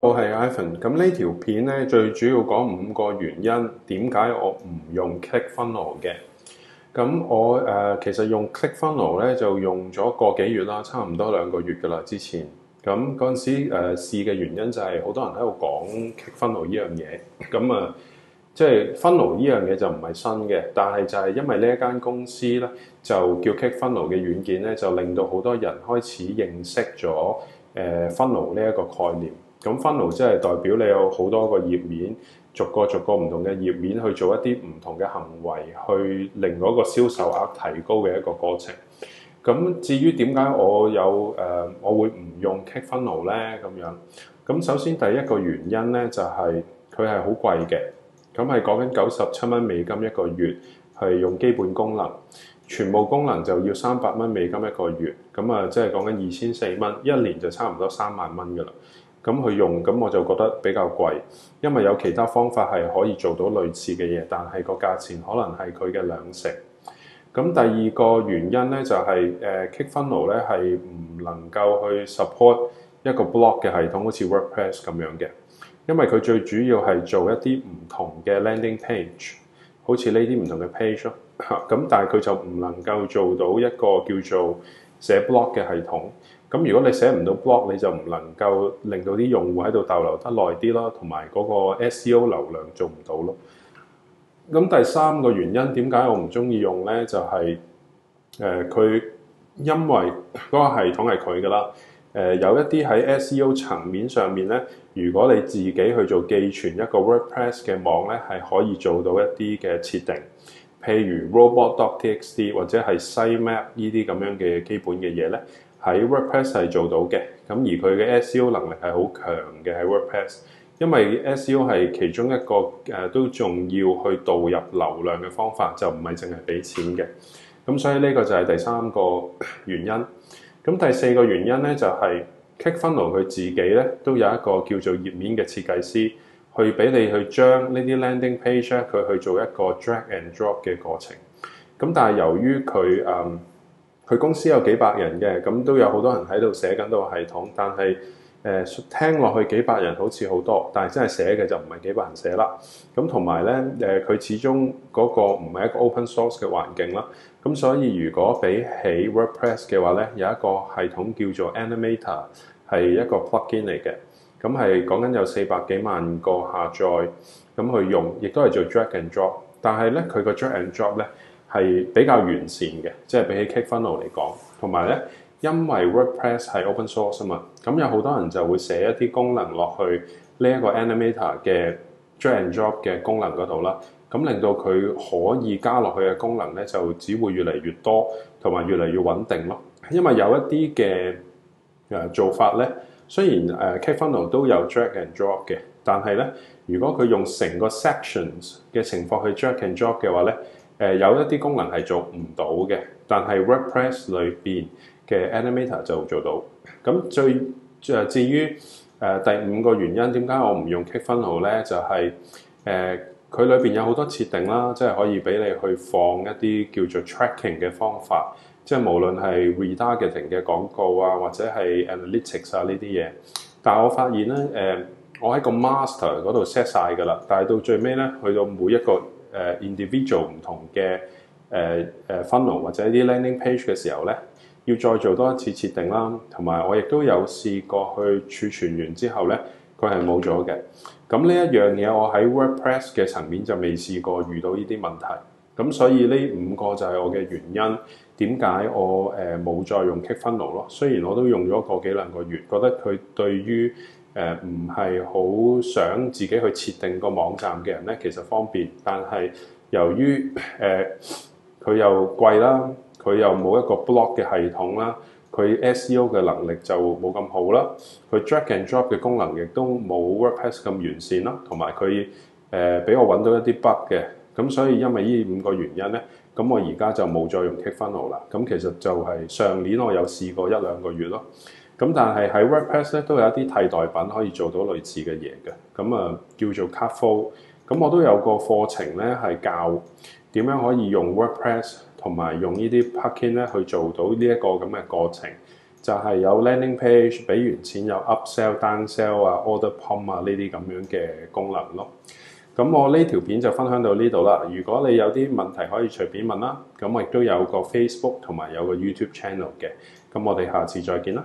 我係 Ivan。咁呢條片咧，最主要講五個原因，點解我唔用 Click Funnel 嘅？咁我誒、呃，其實用 Click Funnel 咧，就用咗個幾月啦，差唔多兩個月噶啦。之前咁嗰陣時誒試嘅原因就係好多人喺度講 Click Funnel 呢樣嘢。咁啊，即係 Funnel 呢樣嘢就唔、是、係新嘅，但係就係因為呢一間公司咧，就叫 Click Funnel 嘅軟件咧，就令到好多人開始認識咗誒、呃、Funnel 呢一個概念。咁 Funnel 即係代表你有好多個頁面，逐個逐個唔同嘅頁面去做一啲唔同嘅行為，去令嗰個銷售額提高嘅一個過程。咁至於點解我有誒、呃，我會唔用 ClickFunnels 咧？咁樣，咁首先第一個原因咧，就係佢係好貴嘅。咁係講緊九十七蚊美金一個月，係用基本功能，全部功能就要三百蚊美金一個月，咁啊，即係講緊二千四蚊一年就差唔多三萬蚊噶啦。咁佢用咁我就覺得比較貴，因為有其他方法係可以做到類似嘅嘢，但係個價錢可能係佢嘅兩成。咁第二個原因咧就係、是、誒 Kick Funnel 咧係唔能夠去 support 一個 blog 嘅系統，好似 WordPress 咁樣嘅，因為佢最主要係做一啲唔同嘅 landing page，好似呢啲唔同嘅 page 吓，咁但係佢就唔能夠做到一個叫做寫 blog 嘅系統。咁如果你寫唔到 blog，你就唔能夠令到啲用戶喺度逗留得耐啲咯，同埋嗰個 SEO 流量做唔到咯。咁第三個原因點解我唔中意用咧？就係誒佢因為嗰個系統係佢噶啦。誒、呃、有一啲喺 SEO 層面上面咧，如果你自己去做寄存一個 WordPress 嘅網咧，係可以做到一啲嘅設定，譬如 robots.txt 或者係 site map 呢啲咁樣嘅基本嘅嘢咧。喺 WordPress 係做到嘅，咁而佢嘅 SEO 能力係好強嘅喺 WordPress，因為 SEO 係其中一個誒都仲要去導入流量嘅方法，就唔係淨係俾錢嘅。咁所以呢個就係第三個原因。咁第四個原因咧就係 ClickFunnels 佢自己咧都有一個叫做頁面嘅設計師，去俾你去將呢啲 landing page 咧，佢去做一個 drag and drop 嘅過程。咁但係由於佢誒。嗯佢公司有幾百人嘅，咁都有好多人喺度寫緊個系統，但係誒聽落去幾百人好似好多，但係真係寫嘅就唔係幾百人寫啦。咁同埋咧，誒佢始終嗰個唔係一個 open source 嘅環境啦。咁所以如果比起 WordPress 嘅話咧，有一個系統叫做 Animator，係一個 plugin 嚟嘅。咁係講緊有四百幾萬個下載，咁去用亦都係做 drag and drop 但。但係咧，佢個 drag and drop 咧。係比較完善嘅，即係比起 Cake Funnel 嚟講，同埋咧，因為 WordPress 係 open source 啊嘛，咁有好多人就會寫一啲功能落去呢一個 Animator 嘅 Drag and Drop 嘅功能嗰度啦，咁令到佢可以加落去嘅功能咧，就只會越嚟越多，同埋越嚟越穩定咯。因為有一啲嘅誒做法咧，雖然誒 Cake Funnel 都有 Drag and Drop 嘅，但係咧，如果佢用成個 Sections 嘅情況去 Drag and Drop 嘅話咧，誒有一啲功能係做唔到嘅，但係 WordPress 裏邊嘅 Animator 就做到。咁最誒至於誒第五個原因，點解我唔用 Kick Funnel 咧？就係誒佢裏邊有好多設定啦，即係可以俾你去放一啲叫做 tracking 嘅方法，即係無論係 retargeting 嘅廣告啊，或者係 analytics 啊呢啲嘢。但我發現咧，誒我喺個 master 嗰度 set 曬㗎啦，但係到最尾咧，去到每一個。誒、uh, individual 唔同嘅、uh, uh, funnel 或者啲 landing page 嘅時候咧，要再做多一次設定啦，同埋我亦都有試過去儲存完之後咧，佢係冇咗嘅。咁呢一樣嘢我喺 WordPress 嘅層面就未試過遇到呢啲問題。咁所以呢五個就係我嘅原因，點解我誒冇、uh, 再用 kick funnel 咯。雖然我都用咗個幾兩個月，覺得佢對於。誒唔係好想自己去設定個網站嘅人咧，其實方便，但係由於誒佢又貴啦，佢又冇一個 blog 嘅系統啦，佢 SEO 嘅能力就冇咁好啦，佢 drag and drop 嘅功能亦都冇 WordPress 咁完善啦，同埋佢誒俾我揾到一啲 bug 嘅，咁所以因為呢五個原因咧，咁我而家就冇再用 Kick Funnels 啦。咁其實就係上年我有試過一兩個月咯。咁但係喺 WordPress 咧都有一啲替代品可以做到類似嘅嘢嘅。咁、嗯、啊叫做 Cutflow。咁、嗯、我都有個課程咧，係教點樣可以用 WordPress 同埋用 parking 呢啲 Plugin 咧去做到呢一個咁嘅過程，就係、是、有 Landing Page 俾完錢有 Upsell、Downsell 啊、Order Pump 啊呢啲咁樣嘅功能咯。咁、嗯、我呢條片就分享到呢度啦。如果你有啲問題可以隨便問啦。咁亦都有個 Facebook 同埋有，有個 YouTube Channel 嘅。咁我哋下次再見啦。